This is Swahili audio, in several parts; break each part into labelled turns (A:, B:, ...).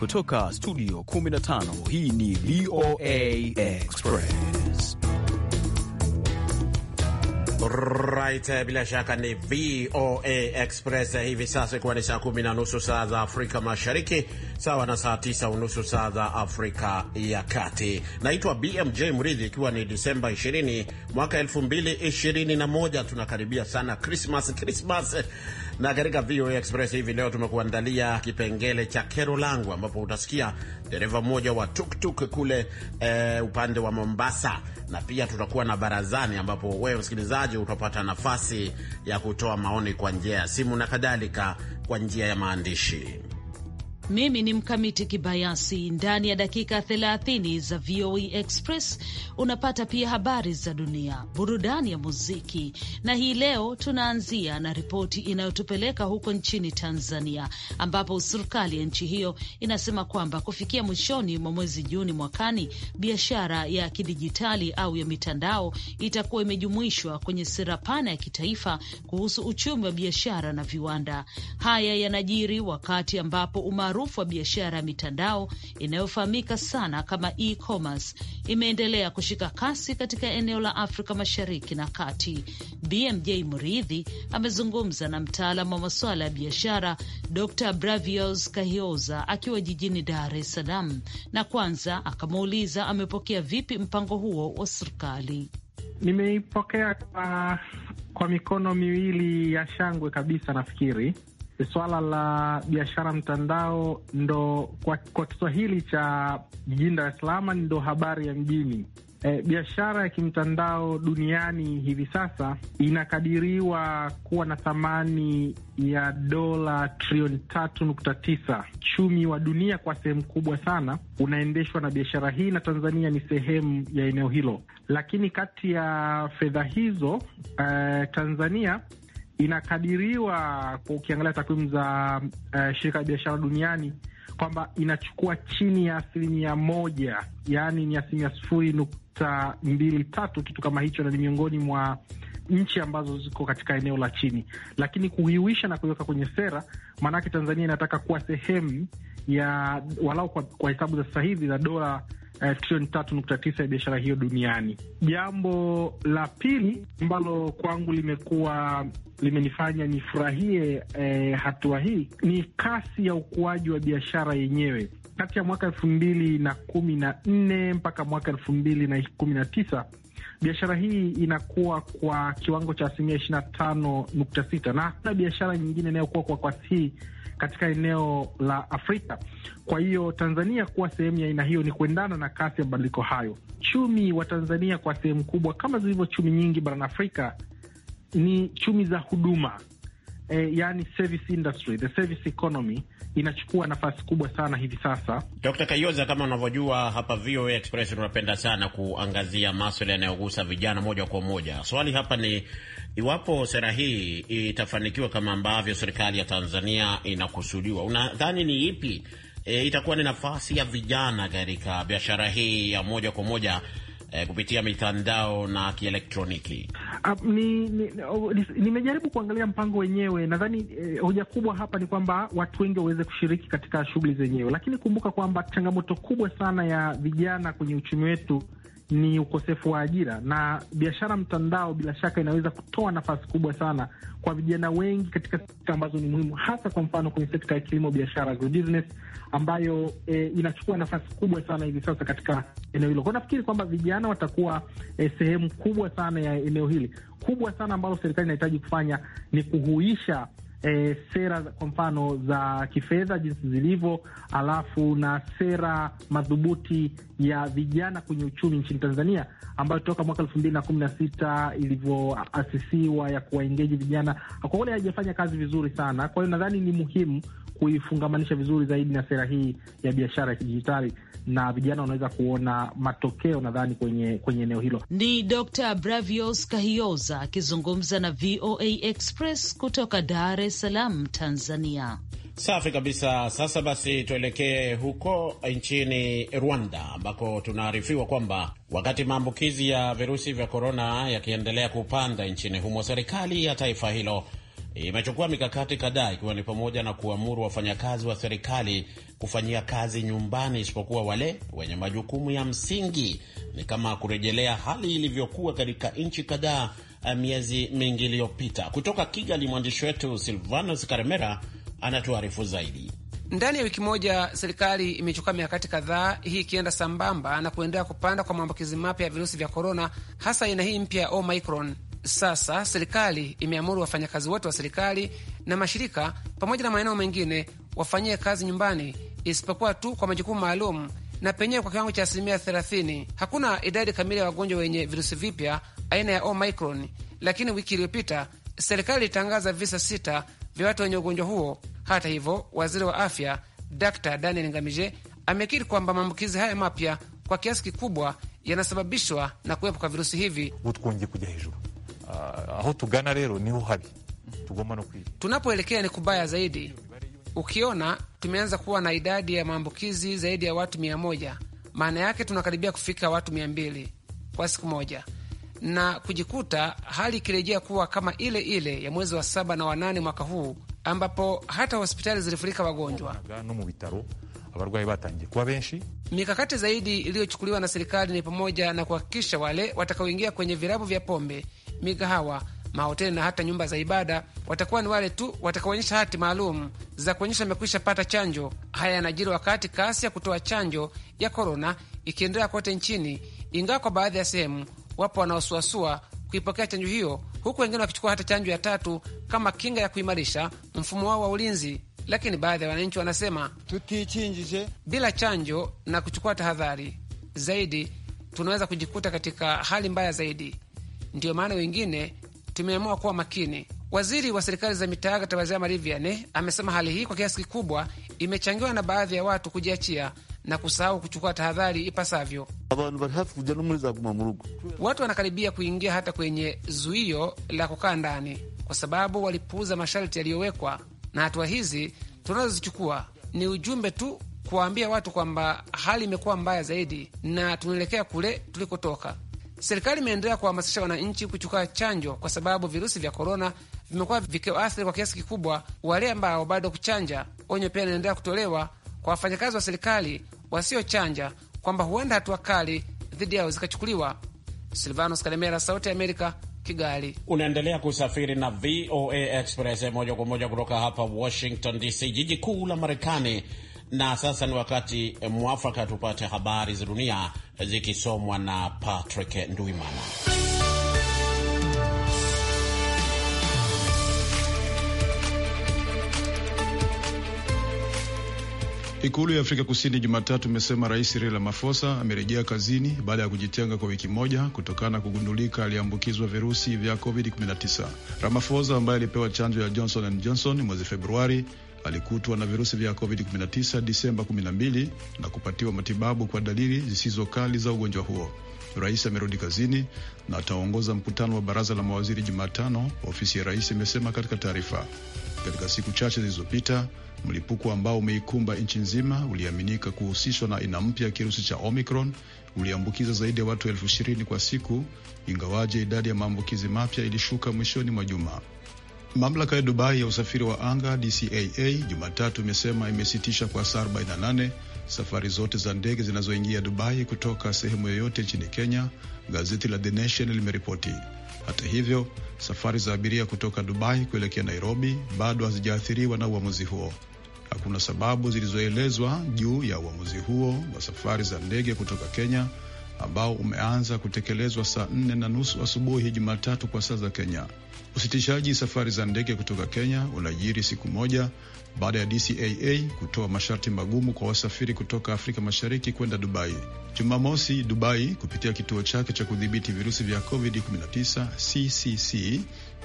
A: Kutoka studio
B: 15 hii ni VOA Express. Right, eh, bila shaka ni VOA Express eh, hivi sasa, ikiwa ni saa kumi na nusu saa za Afrika Mashariki, sawa na saa tisa unusu saa za Afrika ya Kati. Naitwa BMJ Mridhi, ikiwa ni Disemba 20 mwaka 2021. Tunakaribia sana Krismas, Krismas na katika VOA Express hivi leo tumekuandalia kipengele cha kero langu, ambapo utasikia dereva mmoja wa tuktuk -tuk kule e, upande wa Mombasa, na pia tutakuwa na barazani, ambapo wewe msikilizaji utapata nafasi ya kutoa maoni kwa njia ya simu na kadhalika kwa njia ya maandishi.
C: Mimi ni Mkamiti Kibayasi. Ndani ya dakika 30 za VOA e Express unapata pia habari za dunia, burudani ya muziki, na hii leo tunaanzia na ripoti inayotupeleka huko nchini Tanzania, ambapo serikali ya nchi hiyo inasema kwamba kufikia mwishoni mwa mwezi Juni mwakani, biashara ya kidijitali au ya mitandao itakuwa imejumuishwa kwenye sera pana ya kitaifa kuhusu uchumi wa biashara na viwanda. Haya yanajiri wakati ambapo umaru maarufu wa biashara ya mitandao inayofahamika sana kama e-commerce imeendelea kushika kasi katika eneo la Afrika Mashariki na Kati. BMJ Muridhi amezungumza na mtaalam wa masuala ya biashara Dr. Bravios Kahioza akiwa jijini Dar es Salaam, na kwanza akamuuliza amepokea vipi mpango huo wa serikali.
D: Nimeipokea kwa, kwa mikono miwili ya shangwe kabisa. Nafikiri swala la biashara mtandao ndo kwa, kwa Kiswahili cha jijini Dar es Salaam ndo habari ya mjini. E, biashara ya kimtandao duniani hivi sasa inakadiriwa kuwa na thamani ya dola trilioni tatu nukta tisa. Uchumi wa dunia kwa sehemu kubwa sana unaendeshwa na biashara hii na Tanzania ni sehemu ya eneo hilo, lakini kati ya fedha hizo eh, Tanzania inakadiriwa kwa ukiangalia takwimu za uh, shirika la biashara duniani kwamba inachukua chini ya asilimia moja, yaani ni asilimia sufuri nukta mbili tatu kitu kama hicho, na ni miongoni mwa nchi ambazo ziko katika eneo la chini, lakini kuhiwisha na kuiweka kwenye sera, maanake Tanzania inataka kuwa sehemu ya walau kwa, kwa hesabu za sasa hivi za dola eh, trilioni tatu nukta tisa ya biashara hiyo duniani. Jambo la pili ambalo kwangu limekuwa limenifanya nifurahie eh, hatua hii ni kasi ya ukuaji wa biashara yenyewe kati ya mwaka elfu mbili na kumi na nne mpaka mwaka elfu mbili na kumi na tisa biashara hii inakuwa kwa kiwango cha asilimia ishirini na tano nukta sita na hakuna biashara nyingine inayokuwa kwa kasi hii katika eneo la Afrika. Kwa hiyo Tanzania kuwa sehemu ya aina hiyo ni kuendana na kasi ya mabadiliko hayo. Chumi wa Tanzania kwa sehemu kubwa, kama zilivyo chumi nyingi barani Afrika, ni chumi za huduma eh, yani service industry, the service economy inachukua nafasi kubwa sana hivi sasa.
B: Dr. Kayoza, kama unavyojua hapa VOA Express tunapenda sana kuangazia maswala yanayogusa vijana moja kwa moja. Swali hapa ni iwapo sera hii itafanikiwa kama ambavyo serikali ya Tanzania inakusudiwa, unadhani ni ipi e, itakuwa ni nafasi ya vijana katika biashara hii ya moja kwa moja eh, kupitia mitandao na kielektroniki?
D: Nimejaribu ah, ni, ni kuangalia mpango wenyewe. Nadhani eh, hoja kubwa hapa ni kwamba watu wengi waweze kushiriki katika shughuli zenyewe, lakini kumbuka kwamba changamoto kubwa sana ya vijana kwenye uchumi wetu ni ukosefu wa ajira, na biashara mtandao bila shaka inaweza kutoa nafasi kubwa sana kwa vijana wengi katika sekta ambazo ni muhimu, hasa kwa mfano kwenye sekta ya kilimo biashara, agribusiness, ambayo e, inachukua nafasi kubwa sana hivi sasa katika eneo hilo. Kwa nafikiri kwamba vijana watakuwa e, sehemu kubwa sana ya eneo hili kubwa sana ambalo serikali inahitaji kufanya ni kuhuisha e, sera kwa mfano za kifedha jinsi zilivyo, alafu na sera madhubuti ya vijana kwenye uchumi nchini Tanzania ambayo toka mwaka elfu mbili na kumi na sita ilivyoasisiwa ya kuwaengeji vijana, kwa kweli haijafanya kazi vizuri sana. Kwa hiyo nadhani ni muhimu kuifungamanisha vizuri zaidi na sera hii ya biashara ya kidijitali, na vijana wanaweza kuona matokeo nadhani kwenye kwenye eneo hilo.
C: Ni Dr. Bravios Kahioza akizungumza na VOA Express kutoka Dar es Salaam, Tanzania.
B: Safi kabisa. Sasa basi, tuelekee huko nchini Rwanda ambako tunaarifiwa kwamba wakati maambukizi ya virusi vya korona yakiendelea kupanda nchini humo, serikali ya taifa hilo E, imechukua mikakati kadhaa ikiwa ni pamoja na kuamuru wafanyakazi wa serikali kufanyia kazi nyumbani isipokuwa wale wenye majukumu ya msingi, ni kama kurejelea hali ilivyokuwa katika nchi kadhaa eh, miezi mingi iliyopita. Kutoka Kigali, mwandishi wetu Silvanos Karemera anatuarifu zaidi.
E: Ndani ya wiki moja serikali imechukua mikakati kadhaa, hii ikienda sambamba na kuendelea kupanda kwa maambukizi mapya ya virusi vya korona, hasa aina hii mpya ya Omicron. Sasa serikali imeamuru wafanyakazi wote wa serikali na mashirika pamoja na maeneo mengine wafanyie kazi nyumbani isipokuwa tu kwa majukumu maalum na penyewe kwa kiwango cha asilimia 30. Hakuna idadi kamili ya wagonjwa wenye virusi vipya aina ya Omicron, lakini wiki iliyopita serikali ilitangaza visa sita vya watu wenye ugonjwa huo. Hata hivyo, waziri wa afya Dr Daniel Ngamije amekiri kwamba maambukizi haya mapya kwa kiasi kikubwa yanasababishwa na kuwepo kwa virusi hivi
D: aho ah, tugana rero ni habi tugomba no kwiga.
E: Tunapoelekea ni kubaya zaidi, ukiona tumeanza kuwa na idadi ya maambukizi zaidi ya watu mia moja, maana yake tunakaribia kufika watu mia mbili kwa siku moja na kujikuta hali ikirejea kuwa kama ile ile ya mwezi wa saba na wanane mwaka huu ambapo hata hospitali zilifurika wagonjwa. Mikakati zaidi iliyochukuliwa na serikali ni pamoja na kuhakikisha wale watakaoingia kwenye virabu vya pombe migahawa, mahoteli na hata nyumba za ibada watakuwa ni wale tu watakaonyesha hati maalum za kuonyesha amekwisha pata chanjo. Haya yanajiri wakati kasi ya kutoa chanjo ya korona ikiendelea kote nchini, ingawa kwa baadhi ya sehemu wapo wanaosuasua kuipokea chanjo hiyo, huku wengine wakichukua hata chanjo ya tatu kama kinga ya kuimarisha mfumo wao wa ulinzi. Lakini baadhi ya wananchi wanasema tukichinjije bila chanjo na kuchukua tahadhari zaidi, tunaweza kujikuta katika hali mbaya zaidi. Ndiyo maana wengine tumeamua kuwa makini. Waziri wa serikali za mitaa Tabazama Mariviane amesema hali hii kwa kiasi kikubwa imechangiwa na baadhi ya watu kujiachia na kusahau kuchukua tahadhari ipasavyo. Watu wanakaribia kuingia hata kwenye zuio la kukaa ndani kwa sababu walipuuza masharti yaliyowekwa, na hatua hizi tunazozichukua ni ujumbe tu kuwaambia watu kwamba hali imekuwa mbaya zaidi na tunaelekea kule tulikotoka. Serikali imeendelea kuhamasisha wananchi kuchukua chanjo kwa sababu virusi vya korona vimekuwa vikiwaathiri kwa kiasi kikubwa wale ambao bado kuchanja. Onyo pia inaendelea kutolewa kwa wafanyakazi wa serikali wasiochanja kwamba huenda hatua kali dhidi yao zikachukuliwa. Silvanos Kalemera, Sauti ya Amerika, Kigali. Unaendelea kusafiri na VOA Express moja kwa moja kutoka
B: hapa Washington DC, jiji kuu la Marekani na sasa ni wakati eh, mwafaka tupate habari za dunia eh, zikisomwa na Patrick Nduimana.
A: Ikulu ya Afrika Kusini Jumatatu imesema Rais Cyril Ramaphosa amerejea kazini baada ya kujitenga kwa wiki moja kutokana na kugundulika aliambukizwa virusi vya COVID-19. Ramaphosa ambaye alipewa chanjo ya Johnson and Johnson mwezi Februari alikutwa na virusi vya COVID-19 Disemba 12 na kupatiwa matibabu kwa dalili zisizo kali za ugonjwa huo. Rais amerudi kazini na ataongoza mkutano wa baraza la mawaziri Jumatano, ofisi ya rais imesema katika taarifa. Katika siku chache zilizopita, mlipuko ambao umeikumba nchi nzima uliaminika kuhusishwa na aina mpya ya kirusi cha Omicron uliambukiza zaidi ya watu elfu ishirini kwa siku, ingawaje idadi ya maambukizi mapya ilishuka mwishoni mwa juma. Mamlaka ya Dubai ya usafiri wa anga DCAA Jumatatu imesema imesitisha kwa saa 48 safari zote za ndege zinazoingia Dubai kutoka sehemu yoyote nchini Kenya, gazeti la The Nation limeripoti. Hata hivyo, safari za abiria kutoka Dubai kuelekea Nairobi bado hazijaathiriwa na uamuzi huo. Hakuna sababu zilizoelezwa juu ya uamuzi huo wa safari za ndege kutoka Kenya ambao umeanza kutekelezwa saa 4 na nusu asubuhi Jumatatu kwa saa za Kenya. Usitishaji safari za ndege kutoka Kenya unajiri siku moja baada ya DCAA kutoa masharti magumu kwa wasafiri kutoka Afrika Mashariki kwenda Dubai. Jumamosi, Dubai kupitia kituo chake cha kudhibiti virusi vya COVID-19 CCC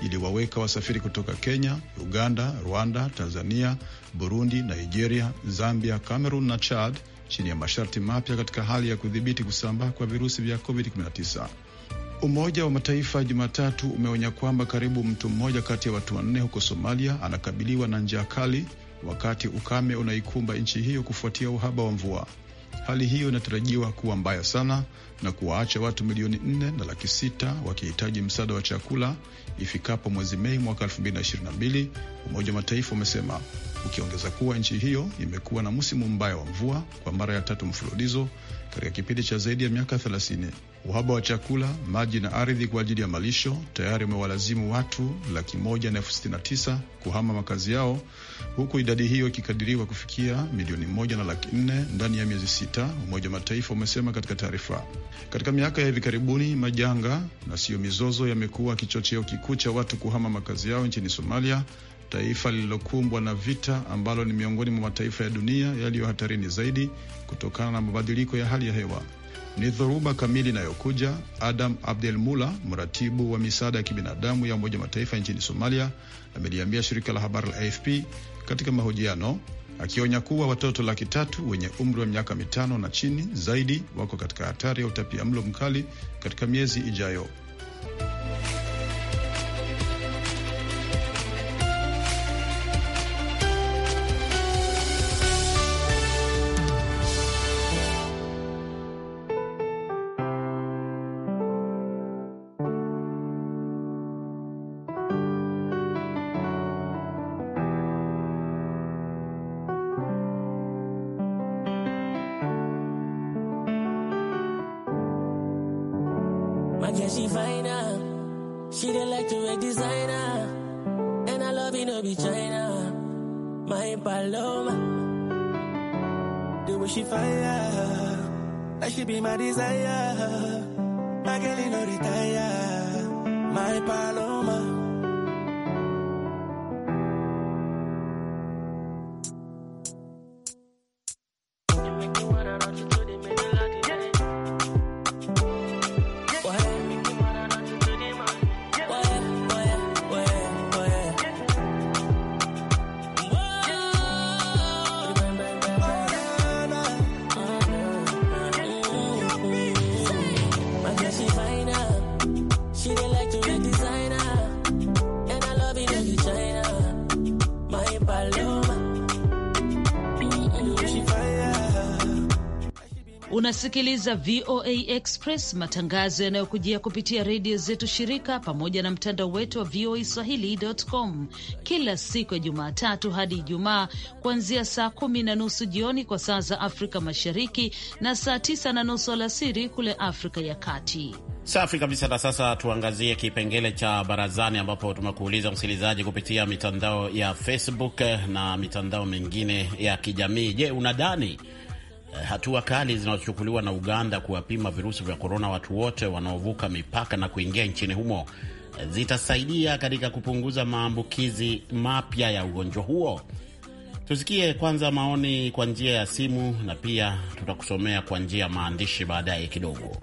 A: iliwaweka wasafiri kutoka Kenya, Uganda, Rwanda, Tanzania, Burundi, Nigeria, Zambia, Cameroon na Chad chini ya masharti mapya katika hali ya kudhibiti kusambaa kwa virusi vya COVID-19. Umoja wa Mataifa Jumatatu umeonya kwamba karibu mtu mmoja kati ya watu wanne huko Somalia anakabiliwa na njaa kali wakati ukame unaikumba nchi hiyo kufuatia uhaba wa mvua. Hali hiyo inatarajiwa kuwa mbaya sana na kuwaacha watu milioni nne na laki sita wakihitaji msaada wa chakula ifikapo mwezi Mei mwaka 2022, Umoja wa Mataifa umesema, ukiongeza kuwa nchi hiyo imekuwa na msimu mbaya wa mvua kwa mara ya tatu mfululizo katika kipindi cha zaidi ya miaka 30. Uhaba wa chakula, maji na ardhi kwa ajili ya malisho tayari umewalazimu watu laki moja na elfu sitini na tisa kuhama makazi yao, huku idadi hiyo ikikadiriwa kufikia milioni moja na laki nne ndani ya miezi sita, Umoja wa Mataifa umesema katika taarifa. Katika miaka ya hivi karibuni, majanga na siyo mizozo yamekuwa kichocheo kikuu cha watu kuhama makazi yao nchini Somalia, taifa lililokumbwa na vita ambalo ni miongoni mwa mataifa ya dunia yaliyo hatarini zaidi kutokana na mabadiliko ya hali ya hewa ni dhoruba kamili inayokuja. Adam Abdel Mula, mratibu wa misaada ya kibinadamu ya Umoja Mataifa nchini Somalia, ameliambia shirika la habari la AFP katika mahojiano, akionya kuwa watoto laki tatu wenye umri wa miaka mitano na chini zaidi wako katika hatari ya utapia mlo mkali katika miezi ijayo.
F: Yeah, she find her? Uh. She didn't like to wear designer. And I love it, no be China.
E: My Paloma. The way she fire. That should be my desire. My girl, you know, retire. My Paloma.
C: Unasikiliza VOA Express, matangazo yanayokujia kupitia redio zetu shirika pamoja na mtandao wetu wa VOA Swahili.com kila siku ya Jumatatu hadi Ijumaa kuanzia saa kumi na nusu jioni kwa saa za Afrika Mashariki na saa tisa na nusu alasiri kule Afrika ya Kati.
B: Safi kabisa. Na sasa tuangazie kipengele cha barazani, ambapo tumekuuliza msikilizaji kupitia mitandao ya Facebook na mitandao mingine ya kijamii. Je, unadhani Eh, hatua kali zinazochukuliwa na Uganda kuwapima virusi vya korona watu wote wanaovuka mipaka na kuingia nchini humo eh, zitasaidia katika kupunguza maambukizi mapya ya ugonjwa huo. Tusikie kwanza maoni kwa njia ya simu na pia tutakusomea kwa njia ya maandishi baadaye kidogo.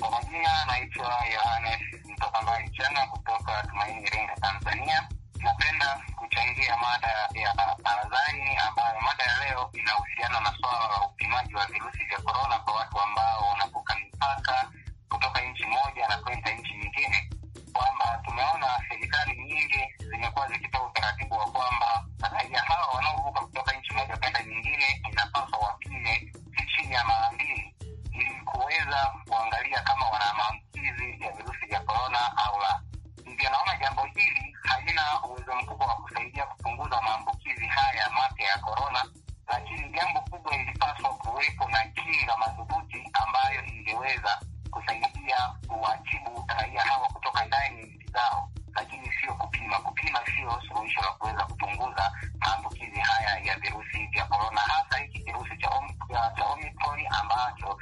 G: Kwa majina naitwa Yohanes Mtokambali Chana kutoka Tumaini, Iringa, Tanzania. Napenda kuchangia mada ya barazani, ambayo mada ya leo inahusiana na swala la upimaji wa virusi vya korona kwa watu ambao wanavuka mipaka kutoka nchi moja na kwenda nchi nyingine, kwamba tumeona serikali nyingi zimekuwa zikitoa utaratibu wa kwamba raia hawa wanaovuka kutoka nchi moja kwenda nyingine inapaswa wapime chini ya kusaidia kupunguza maambukizi haya mapya ya korona, lakini jambo kubwa, ilipaswa kuwepo na kinga madhubuti ambayo ingeweza kusaidia kuwatibu raia hawa kutoka ndani ya nchi zao, lakini sio kupima. Kupima sio suluhisho la kuweza kupunguza maambukizi haya ya virusi vya korona, hasa hiki kirusi cha Omicron ambacho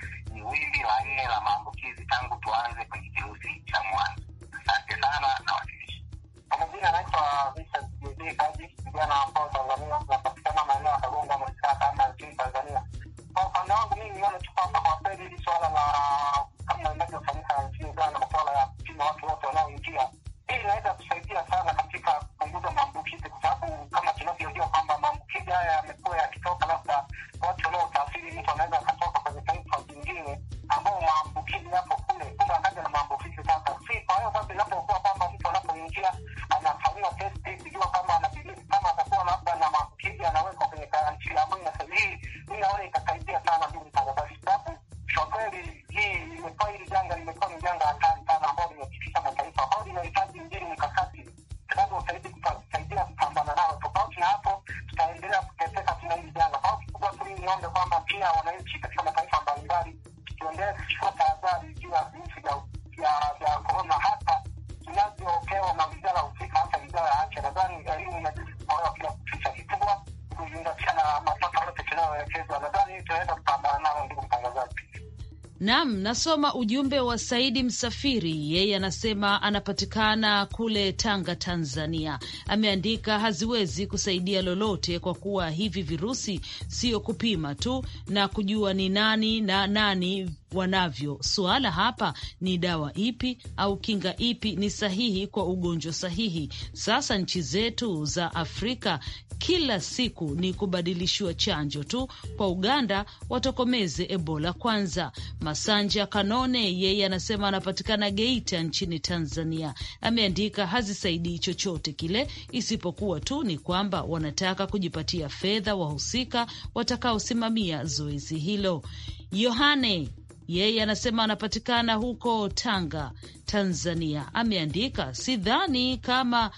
C: Nam, nasoma ujumbe wa Saidi Msafiri, yeye anasema anapatikana kule Tanga, Tanzania. Ameandika haziwezi kusaidia lolote kwa kuwa hivi virusi sio kupima tu na kujua ni nani na nani wanavyo. Suala hapa ni dawa ipi au kinga ipi ni sahihi kwa ugonjwa sahihi. Sasa nchi zetu za Afrika kila siku ni kubadilishiwa chanjo tu. Kwa Uganda watokomeze Ebola kwanza. Masanja Kanone yeye anasema anapatikana Geita nchini Tanzania, ameandika hazisaidii chochote kile, isipokuwa tu ni kwamba wanataka kujipatia fedha wahusika watakaosimamia zoezi hilo. Yohane yeye anasema anapatikana huko Tanga, Tanzania, ameandika sidhani kama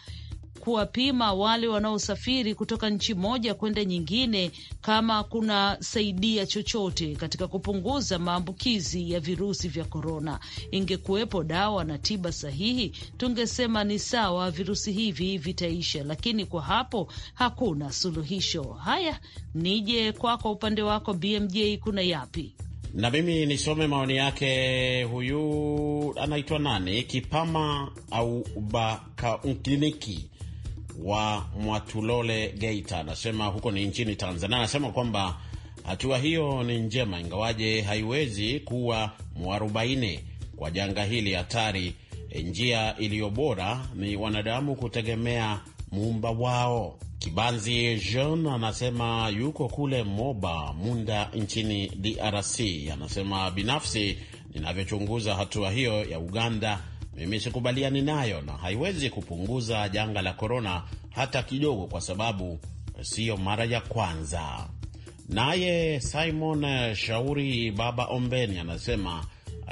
C: kuwapima wale wanaosafiri kutoka nchi moja kwenda nyingine kama kuna saidia chochote katika kupunguza maambukizi ya virusi vya korona. Ingekuwepo dawa na tiba sahihi, tungesema ni sawa, virusi hivi vitaisha, lakini kwa hapo hakuna suluhisho. Haya, nije kwako, upande wako BMJ, kuna yapi?
B: na mimi nisome maoni yake. Huyu anaitwa nani? Kipama au Bakaunkiniki wa Mwatulole Geita anasema huko ni nchini Tanzania, anasema kwamba hatua hiyo ni njema, ingawaje haiwezi kuwa mwarobaini kwa janga hili hatari. Eh, njia iliyo bora ni wanadamu kutegemea muumba wao. Kibanzi Jean anasema yuko kule Moba Munda nchini DRC. Anasema binafsi, ninavyochunguza hatua hiyo ya Uganda mimi sikubaliani nayo na haiwezi kupunguza janga la korona hata kidogo, kwa sababu siyo mara ya kwanza. Naye Simon Shauri Baba Ombeni anasema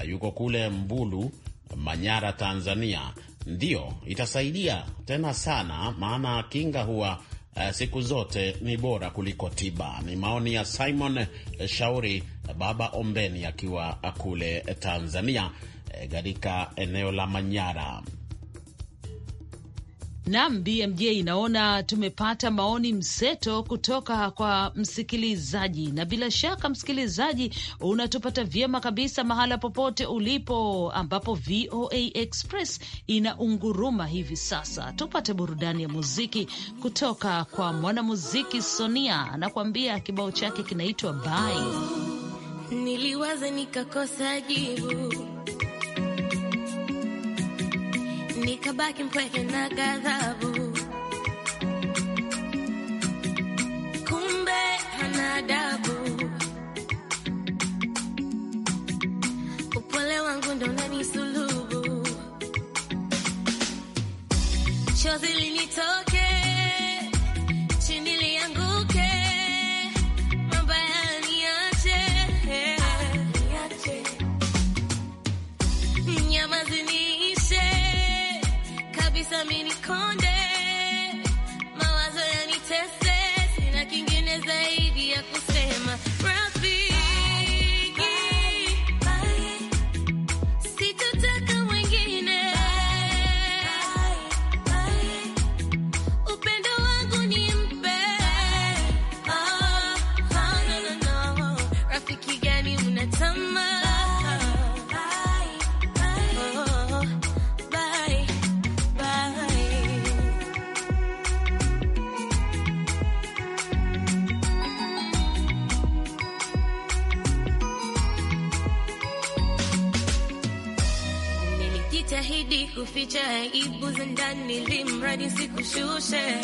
B: yuko kule Mbulu, Manyara, Tanzania. Ndiyo, itasaidia tena sana, maana kinga huwa uh, siku zote ni bora kuliko tiba. Ni maoni ya Simon Shauri Baba Ombeni akiwa kule Tanzania. Eh, katika eneo la Manyara.
C: Nam BMJ, inaona tumepata maoni mseto kutoka kwa msikilizaji, na bila shaka msikilizaji, unatupata vyema kabisa mahala popote ulipo, ambapo VOA Express inaunguruma hivi sasa. Tupate burudani ya muziki kutoka kwa mwanamuziki Sonia, anakuambia kibao chake kinaitwa Bai.
F: Niliwaza nikakosa jibu nikabaki mpweke na ghadhabu, kumbe hana adabu. Upole wangu ndo unanisulubu, chozi linitoke ndani, ili sikushushe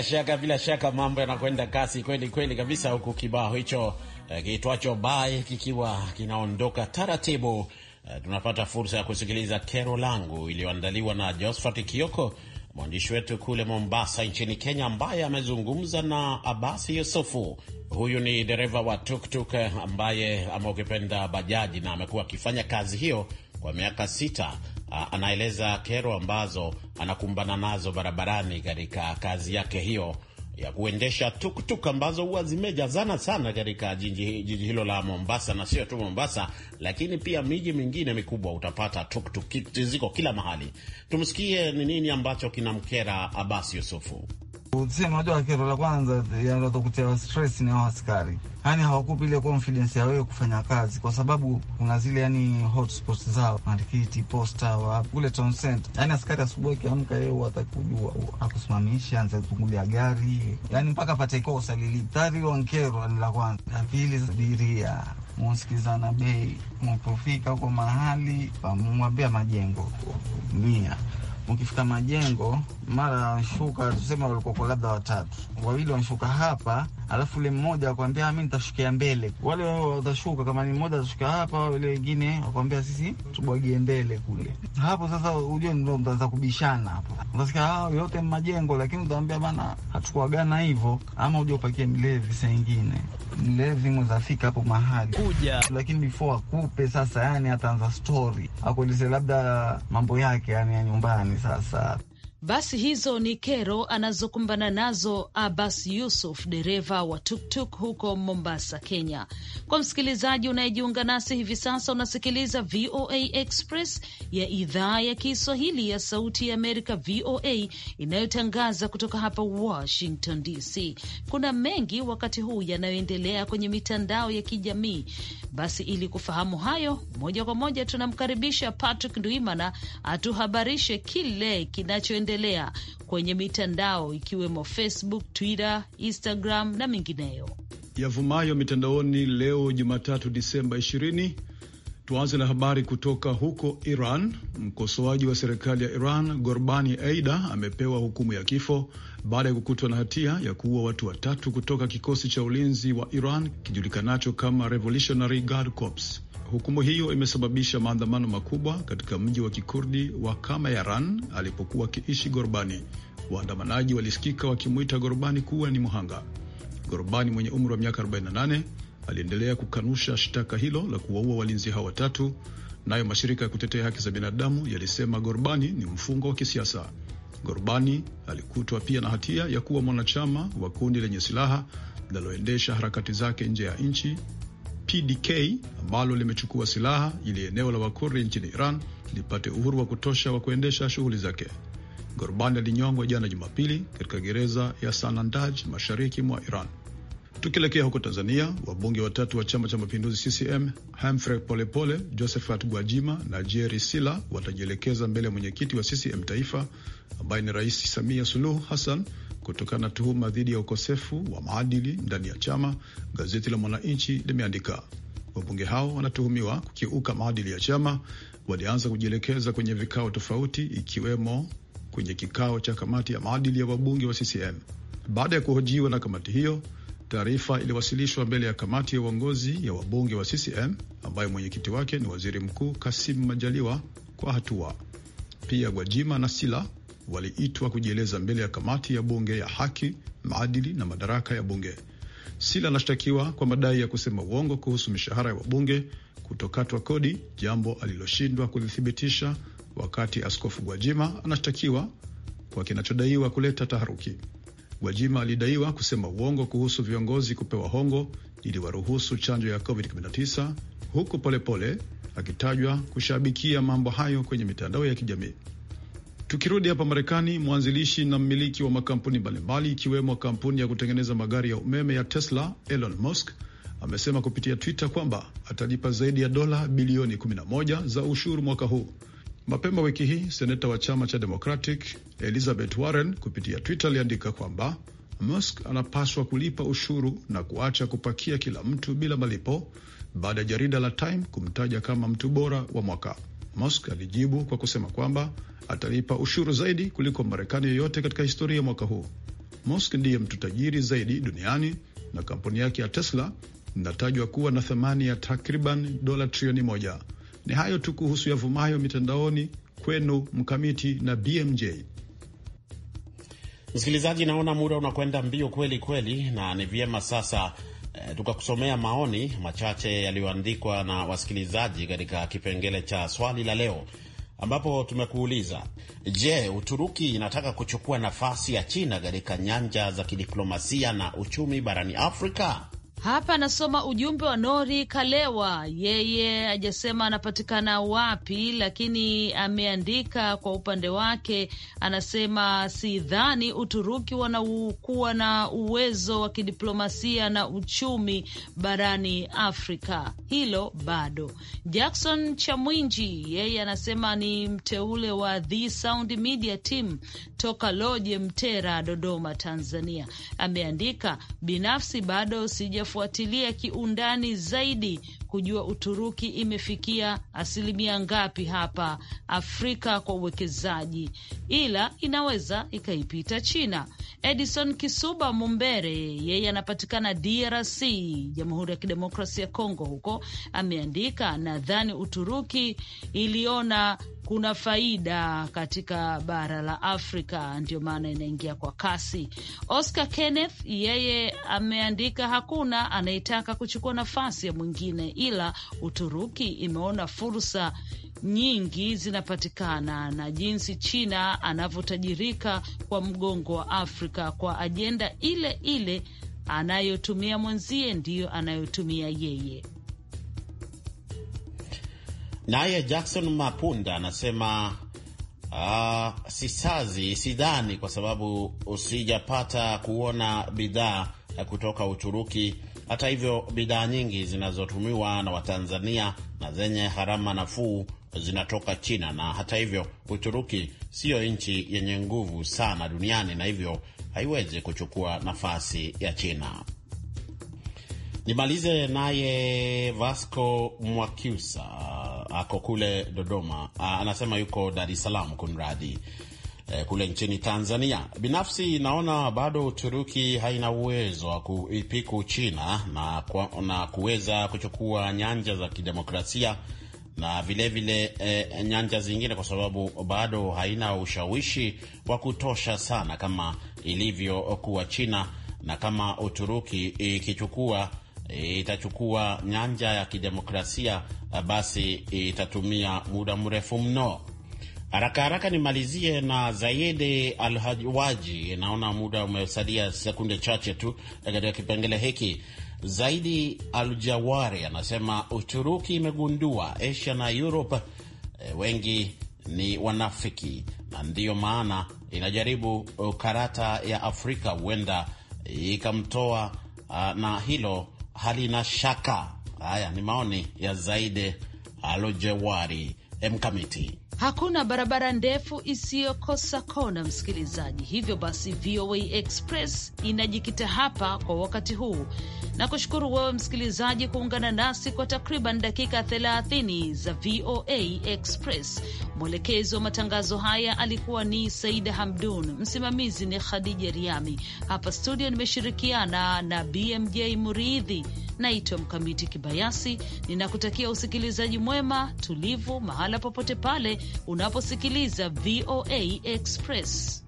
B: Bila shaka, bila shaka mambo yanakwenda kasi kweli kweli kabisa, huku kibao hicho eh, kiitwacho bai kikiwa kinaondoka taratibu. Eh, tunapata fursa ya kusikiliza kero langu iliyoandaliwa na Josphat Kioko, mwandishi wetu kule Mombasa nchini Kenya, ambaye amezungumza na Abasi Yusufu. Huyu ni dereva wa tuktuk eh, ambaye ama ukipenda bajaji, na amekuwa akifanya kazi hiyo kwa miaka sita anaeleza kero ambazo anakumbana nazo barabarani katika kazi yake hiyo ya kuendesha tuktuk ambazo huwa zimejazana sana katika jiji hilo la Mombasa, na sio tu Mombasa, lakini pia miji mingine mikubwa utapata tuktuk ziko kila mahali. Tumsikie ni nini ambacho kinamkera Abasi Yusufu.
H: Usia, unajua kero la kwanza yanatokutia stress ni hao askari, yaani hawakupi ile confidence ya wewe kufanya kazi, kwa sababu kuna zile yani hotspots zao marikiti, posta, wa kule town center. Yaani askari asubuhi akiamka, yeye watakujua akusimamisha, anza kufungulia gari, yaani mpaka apate kosa lili tari wa nkero. ni yaani, la kwanza. La pili abiria musikizana bei, mpofika huko mahali pamwambia majengo mia mkifika majengo mara wanashuka, tuseme walikuwa kwa labda watatu, wawili wanashuka hapa, alafu ule mmoja akwambia mi nitashukia mbele, wale watashuka kama ni mmoja atashuka hapa, wale wengine wakwambia sisi tubwagie mbele kule. Hapo sasa ujue ndo mtaanza kubishana hapo, utasikia ah, yote majengo, lakini utaambia bana, hatukuagana hivyo, ama uja upakie milevi saa ingine lazima utafika hapo mahali kuja, lakini before akupe sasa, yani ataanza story akueleze labda mambo yake yani ya nyumbani sasa
C: basi hizo ni kero anazokumbana nazo Abbas Yusuf, dereva wa tuktuk huko Mombasa, Kenya. Kwa msikilizaji unayejiunga nasi hivi sasa, unasikiliza VOA Express ya idhaa ya Kiswahili ya Sauti ya Amerika, VOA, inayotangaza kutoka hapa Washington DC. Kuna mengi wakati huu yanayoendelea kwenye mitandao ya kijamii. Basi ili kufahamu hayo moja kwa moja, tunamkaribisha Patrick Ndwimana atuhabarishe kile kinachoendelea kuendelea kwenye mitandao ikiwemo Facebook, Twitter, Instagram na mingineyo.
A: Yavumayo mitandaoni leo Jumatatu Disemba 20 Tuanze na habari kutoka huko Iran. Mkosoaji wa serikali ya Iran Gorbani Eida amepewa hukumu ya kifo baada ya kukutwa na hatia ya kuua watu watatu kutoka kikosi cha ulinzi wa Iran kijulikanacho kama Revolutionary Guard Corps. Hukumu hiyo imesababisha maandamano makubwa katika mji wa kikurdi wa Kamayaran alipokuwa akiishi Gorbani. Waandamanaji walisikika wakimwita Gorbani kuwa ni muhanga. Gorbani mwenye umri wa miaka 48 aliendelea kukanusha shtaka hilo la kuwaua walinzi hao watatu. Nayo mashirika ya kutetea haki za binadamu yalisema Gorbani ni mfungo wa kisiasa. Gorbani alikutwa pia na hatia ya kuwa mwanachama wa kundi lenye silaha linaloendesha harakati zake nje ya nchi PDK ambalo limechukua silaha ili eneo la Wakurdi nchini Iran lipate uhuru wa kutosha wa kuendesha shughuli zake. Gorbani alinyongwa jana Jumapili katika gereza ya Sanandaj mashariki mwa Iran. Tukielekea huko Tanzania, wabunge watatu wa chama cha mapinduzi CCM, Humphrey Polepole, Josephat Gwajima na Jerry Sila watajielekeza mbele ya mwenyekiti wa CCM Taifa ambaye ni Rais Samia Suluhu Hassan kutokana na tuhuma dhidi ya ukosefu wa maadili ndani ya chama. Gazeti la Mwananchi limeandika wabunge hao wanatuhumiwa kukiuka maadili ya chama. Walianza kujielekeza kwenye vikao tofauti, ikiwemo kwenye kikao cha kamati ya maadili ya wabunge wa CCM. Baada ya kuhojiwa na kamati hiyo Taarifa iliwasilishwa mbele ya kamati ya uongozi ya wabunge wa CCM ambayo mwenyekiti wake ni waziri mkuu Kasim Majaliwa. Kwa hatua pia, Gwajima na Sila waliitwa kujieleza mbele ya kamati ya bunge ya haki, maadili na madaraka ya bunge. Sila anashtakiwa kwa madai ya kusema uongo kuhusu mishahara ya wabunge kutokatwa kodi, jambo aliloshindwa kulithibitisha, wakati Askofu Gwajima anashtakiwa kwa kinachodaiwa kuleta taharuki. Gwajima alidaiwa kusema uongo kuhusu viongozi kupewa hongo ili waruhusu chanjo ya COVID-19 huku Polepole akitajwa kushabikia mambo hayo kwenye mitandao ya kijamii. Tukirudi hapa Marekani, mwanzilishi na mmiliki wa makampuni mbalimbali ikiwemo kampuni ya kutengeneza magari ya umeme ya Tesla, Elon Musk amesema kupitia Twitter kwamba atalipa zaidi ya dola bilioni 11 za ushuru mwaka huu. Mapema wiki hii seneta wa chama cha Democratic Elizabeth Warren kupitia Twitter aliandika kwamba Musk anapaswa kulipa ushuru na kuacha kupakia kila mtu bila malipo baada ya jarida la Time kumtaja kama mtu bora wa mwaka. Musk alijibu kwa kusema kwamba atalipa ushuru zaidi kuliko Marekani yoyote katika historia ya mwaka huu. Musk ndiye mtu tajiri zaidi duniani na kampuni yake ya Tesla inatajwa kuwa na thamani ya takriban dola trilioni moja. Ni hayo tu kuhusu yavumayo
B: mitandaoni. Kwenu Mkamiti na BMJ. Msikilizaji, naona muda unakwenda mbio kweli kweli, na ni vyema sasa e, tukakusomea maoni machache yaliyoandikwa na wasikilizaji katika kipengele cha swali la leo, ambapo tumekuuliza: Je, Uturuki inataka kuchukua nafasi ya China katika nyanja za kidiplomasia na uchumi barani Afrika?
C: Hapa anasoma ujumbe wa Nori Kalewa, yeye ajasema anapatikana wapi, lakini ameandika kwa upande wake, anasema sidhani Uturuki wanakuwa na uwezo wa kidiplomasia na uchumi barani Afrika, hilo bado. Jackson Chamwinji, yeye anasema ni mteule wa The Sound Media Team toka Loje Mtera, Dodoma, Tanzania. Ameandika binafsi bado sija kuyafuatilia kiundani zaidi kujua Uturuki imefikia asilimia ngapi hapa Afrika kwa uwekezaji, ila inaweza ikaipita China. Edison Kisuba Mumbere, yeye anapatikana DRC, Jamhuri ya Kidemokrasia ya Kongo, huko ameandika, nadhani Uturuki iliona kuna faida katika bara la Afrika, ndio maana inaingia kwa kasi. Oscar Kenneth yeye ameandika, hakuna anayetaka kuchukua nafasi ya mwingine ila Uturuki imeona fursa nyingi zinapatikana na jinsi China anavyotajirika kwa mgongo wa Afrika kwa ajenda ile ile anayotumia mwenzie ndiyo anayotumia yeye.
B: Naye Jackson Mapunda anasema uh, sisazi sidhani, kwa sababu usijapata kuona bidhaa kutoka Uturuki hata hivyo, bidhaa nyingi zinazotumiwa na Watanzania na zenye gharama nafuu zinatoka China, na hata hivyo, Uturuki siyo nchi yenye nguvu sana duniani na hivyo haiwezi kuchukua nafasi ya China. Nimalize naye Vasco Mwakiusa ako kule Dodoma. anasema yuko Dar es Salaam, kunradi Eh, kule nchini Tanzania. Binafsi naona bado Uturuki haina uwezo wa kuipiku China na, na kuweza kuchukua nyanja za kidemokrasia na vilevile vile, e, nyanja zingine kwa sababu bado haina ushawishi wa kutosha sana kama ilivyokuwa China, na kama Uturuki ikichukua eh, itachukua nyanja ya kidemokrasia basi itatumia muda mrefu mno. Haraka haraka nimalizie na Zaidi Alhajwaji. Naona muda umesalia sekunde chache tu eh, katika kipengele hiki. Zaidi aljawari anasema Uturuki imegundua Asia na Europe e, wengi ni wanafiki na ndiyo maana inajaribu eh, karata ya Afrika, huenda ikamtoa ah, na hilo halina shaka. Haya ni maoni ya Zaidi Alojewari. mkamiti
C: Hakuna barabara ndefu isiyokosa kona, msikilizaji. Hivyo basi, VOA Express inajikita hapa kwa wakati huu na kushukuru wewe msikilizaji kuungana nasi kwa takriban dakika 30 za VOA Express. Mwelekezi wa matangazo haya alikuwa ni Saida Hamdun, msimamizi ni Khadija Riami. Hapa studio nimeshirikiana na BMJ Muridhi. Naitwa Mkamiti Kibayasi, ninakutakia usikilizaji mwema, tulivu, mahala popote pale unaposikiliza VOA Express.